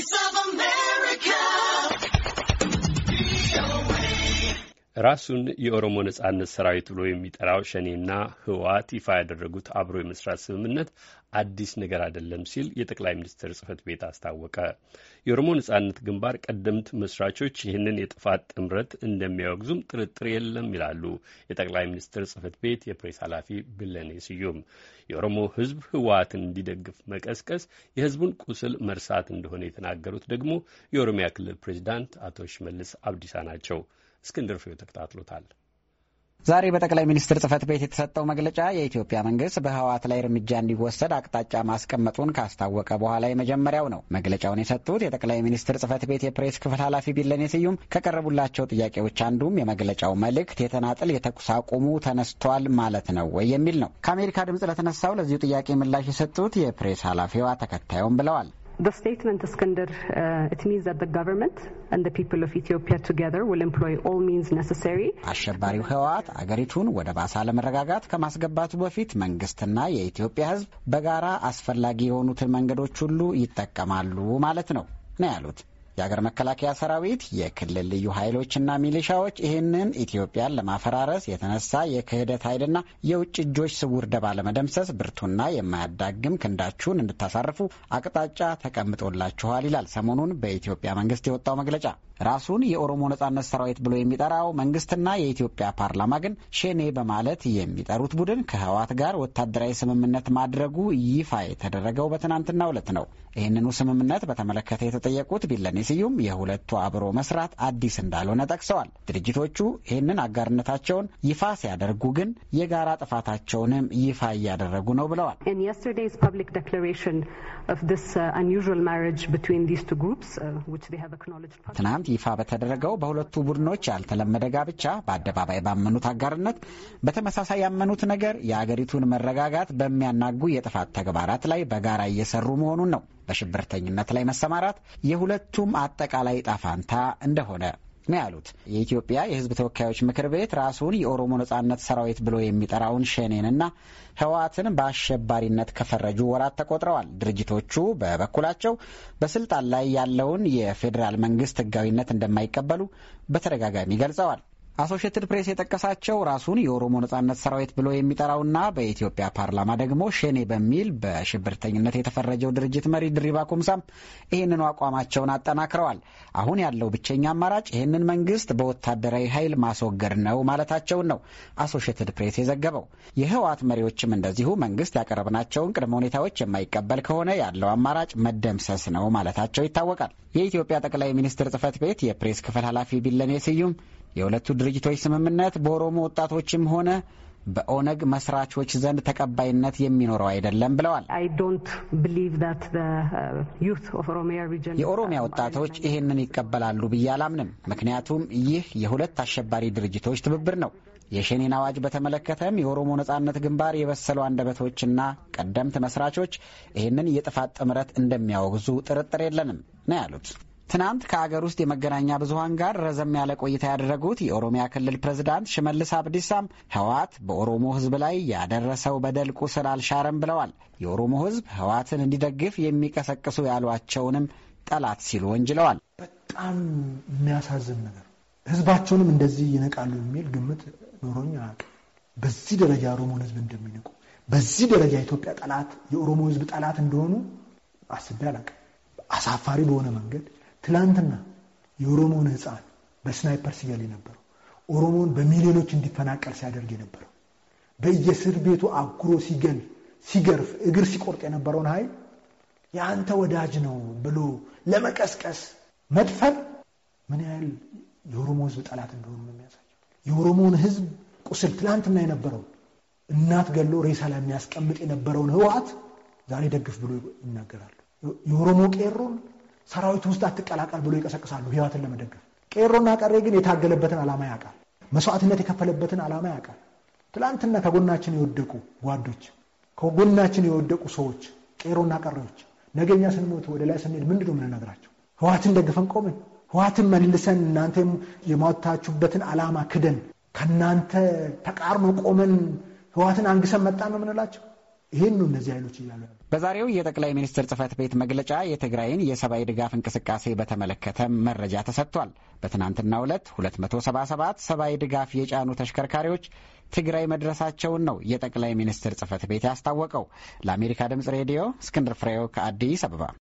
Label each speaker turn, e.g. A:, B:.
A: voice of
B: ራሱን የኦሮሞ ነጻነት ሰራዊት ብሎ የሚጠራው ሸኔና ህወሓት ይፋ ያደረጉት አብሮ የመስራት ስምምነት አዲስ ነገር አይደለም ሲል የጠቅላይ ሚኒስትር ጽህፈት ቤት አስታወቀ። የኦሮሞ ነጻነት ግንባር ቀደምት መስራቾች ይህንን የጥፋት ጥምረት እንደሚያወግዙም ጥርጥር የለም ይላሉ የጠቅላይ ሚኒስትር ጽህፈት ቤት የፕሬስ ኃላፊ ብለኔ ስዩም። የኦሮሞ ህዝብ ህወሓትን እንዲደግፍ መቀስቀስ የህዝቡን ቁስል መርሳት እንደሆነ የተናገሩት ደግሞ የኦሮሚያ ክልል ፕሬዚዳንት አቶ ሽመልስ አብዲሳ ናቸው። እስክንድር ፍሬው ተከታትሎታል።
A: ዛሬ በጠቅላይ ሚኒስትር ጽህፈት ቤት የተሰጠው መግለጫ የኢትዮጵያ መንግስት በህወሓት ላይ እርምጃ እንዲወሰድ አቅጣጫ ማስቀመጡን ካስታወቀ በኋላ የመጀመሪያው ነው። መግለጫውን የሰጡት የጠቅላይ ሚኒስትር ጽህፈት ቤት የፕሬስ ክፍል ኃላፊ ቢለኔ ስዩም ከቀረቡላቸው ጥያቄዎች አንዱም የመግለጫው መልእክት የተናጥል የተኩስ አቁሙ ተነስቷል ማለት ነው ወይ የሚል ነው። ከአሜሪካ ድምፅ ለተነሳው ለዚሁ ጥያቄ ምላሽ የሰጡት የፕሬስ ኃላፊዋ ተከታዩም ብለዋል። The statement, Iskander, uh, it means that the government and the people of Ethiopia together will employ all means necessary. አሸባሪው ህወሓት አገሪቱን ወደ ባሰ አለመረጋጋት ከማስገባቱ በፊት መንግስትና የኢትዮጵያ ህዝብ በጋራ አስፈላጊ የሆኑትን መንገዶች ሁሉ ይጠቀማሉ ማለት ነው ነው ያሉት። የአገር መከላከያ ሰራዊት፣ የክልል ልዩ ኃይሎችና ሚሊሻዎች ይህንን ኢትዮጵያን ለማፈራረስ የተነሳ የክህደት ኃይልና የውጭ እጆች ስውር ደባ ለመደምሰስ ብርቱና የማያዳግም ክንዳችሁን እንድታሳርፉ አቅጣጫ ተቀምጦላችኋል ይላል ሰሞኑን በኢትዮጵያ መንግስት የወጣው መግለጫ። ራሱን የኦሮሞ ነጻነት ሰራዊት ብሎ የሚጠራው መንግስትና የኢትዮጵያ ፓርላማ ግን ሼኔ በማለት የሚጠሩት ቡድን ከህወሓት ጋር ወታደራዊ ስምምነት ማድረጉ ይፋ የተደረገው በትናንትናው ዕለት ነው። ይህንኑ ስምምነት በተመለከተ የተጠየቁት ቢለኔ ስዩም የሁለቱ አብሮ መስራት አዲስ እንዳልሆነ ጠቅሰዋል። ድርጅቶቹ ይህንን አጋርነታቸውን ይፋ ሲያደርጉ ግን የጋራ ጥፋታቸውንም ይፋ እያደረጉ ነው ብለዋል። uh,
B: uh,
A: ትናንት ይፋ በተደረገው በሁለቱ ቡድኖች ያልተለመደ ጋብቻ በአደባባይ ባመኑት አጋርነት በተመሳሳይ ያመኑት ነገር የአገሪቱን መረጋጋት በሚያናጉ የጥፋት ተግባራት ላይ በጋራ እየሰሩ መሆኑን ነው። በሽብርተኝነት ላይ መሰማራት የሁለቱም አጠቃላይ ጣፋንታ እንደሆነ ነው ያሉት። የኢትዮጵያ የሕዝብ ተወካዮች ምክር ቤት ራሱን የኦሮሞ ነጻነት ሰራዊት ብሎ የሚጠራውን ሸኔንና ህወሓትን በአሸባሪነት ከፈረጁ ወራት ተቆጥረዋል። ድርጅቶቹ በበኩላቸው በስልጣን ላይ ያለውን የፌዴራል መንግስት ህጋዊነት እንደማይቀበሉ በተደጋጋሚ ገልጸዋል። አሶሽትድ ፕሬስ የጠቀሳቸው ራሱን የኦሮሞ ነጻነት ሰራዊት ብሎ የሚጠራውና በኢትዮጵያ ፓርላማ ደግሞ ሸኔ በሚል በሽብርተኝነት የተፈረጀው ድርጅት መሪ ድሪባ ኩምሳም ይህንኑ አቋማቸውን አጠናክረዋል። አሁን ያለው ብቸኛ አማራጭ ይህንን መንግስት በወታደራዊ ኃይል ማስወገድ ነው ማለታቸውን ነው አሶሽትድ ፕሬስ የዘገበው። የህወሓት መሪዎችም እንደዚሁ መንግስት ያቀረብናቸውን ቅድመ ሁኔታዎች የማይቀበል ከሆነ ያለው አማራጭ መደምሰስ ነው ማለታቸው ይታወቃል። የኢትዮጵያ ጠቅላይ ሚኒስትር ጽህፈት ቤት የፕሬስ ክፍል ኃላፊ ቢለኔ ስዩም የሁለቱ ድርጅቶች ስምምነት በኦሮሞ ወጣቶችም ሆነ በኦነግ መስራቾች ዘንድ ተቀባይነት የሚኖረው አይደለም ብለዋል። uh, የኦሮሚያ ወጣቶች ይህንን ይቀበላሉ ብዬ አላምንም። ምክንያቱም ይህ የሁለት አሸባሪ ድርጅቶች ትብብር ነው። የሸኔን አዋጅ በተመለከተም የኦሮሞ ነጻነት ግንባር የበሰሉ አንደበቶችና ቀደምት መስራቾች ይህንን የጥፋት ጥምረት እንደሚያወግዙ ጥርጥር የለንም ነው ያሉት። ትናንት ከአገር ውስጥ የመገናኛ ብዙኃን ጋር ረዘም ያለ ቆይታ ያደረጉት የኦሮሚያ ክልል ፕሬዝዳንት ሽመልስ አብዲሳም ህወሓት በኦሮሞ ህዝብ ላይ ያደረሰው በደል ቁስል አልሻረም ብለዋል። የኦሮሞ ህዝብ ህወሓትን እንዲደግፍ የሚቀሰቅሱ ያሏቸውንም ጠላት ሲሉ ወንጅለዋል።
B: በጣም የሚያሳዝን ነገር ህዝባቸውንም እንደዚህ ይነቃሉ የሚል ግምት ኖሮኝ አያውቅም። በዚህ ደረጃ የኦሮሞን ህዝብ እንደሚንቁ፣ በዚህ ደረጃ ኢትዮጵያ ጠላት የኦሮሞ ህዝብ ጠላት እንደሆኑ አስቤ አላውቅም። አሳፋሪ በሆነ መንገድ ትላንትና የኦሮሞን ህፃን በስናይፐር ሲገል የነበረው ኦሮሞን በሚሊዮኖች እንዲፈናቀል ሲያደርግ የነበረው በየእስር ቤቱ አጉሮ ሲገል ሲገርፍ እግር ሲቆርጥ የነበረውን ኃይል የአንተ ወዳጅ ነው ብሎ ለመቀስቀስ መድፈር ምን ያህል የኦሮሞ ህዝብ ጠላት እንደሆኑ ነው የሚያሳየው። የኦሮሞን ህዝብ ቁስል ትላንትና የነበረው እናት ገሎ ሬሳ ላይ የሚያስቀምጥ የነበረውን ህወሓት ዛሬ ደግፍ ብሎ ይናገራሉ። የኦሮሞ ቄሮን ሰራዊት ውስጥ አትቀላቀል ብሎ ይቀሰቅሳሉ ህይወትን ለመደገፍ። ቄሮና ቀሬ ግን የታገለበትን ዓላማ ያውቃል። መስዋዕትነት የከፈለበትን ዓላማ ያውቃል። ትላንትና ከጎናችን የወደቁ ጓዶች፣ ከጎናችን የወደቁ ሰዎች፣ ቄሮና ቀሬዎች ነገኛ ስንሞት ወደ ላይ ስንሄድ ምንድን ነው የምንነግራቸው? ደግፈን ቆምን። ህዋትን መልሰን እናንተ የማወታችሁበትን ዓላማ ክደን ከእናንተ ተቃርኖ ቆመን ህዋትን አንግሰን መጣን ነው የምንላቸው? ይህን ነው እነዚህ ኃይሎች እያሉ ያሉ።
A: በዛሬው የጠቅላይ ሚኒስትር ጽህፈት ቤት መግለጫ የትግራይን የሰብአዊ ድጋፍ እንቅስቃሴ በተመለከተ መረጃ ተሰጥቷል። በትናንትናው ዕለት 277 ሰብአዊ ድጋፍ የጫኑ ተሽከርካሪዎች ትግራይ መድረሳቸውን ነው የጠቅላይ ሚኒስትር ጽህፈት ቤት ያስታወቀው። ለአሜሪካ ድምጽ ሬዲዮ እስክንድር ፍሬው ከአዲስ አበባ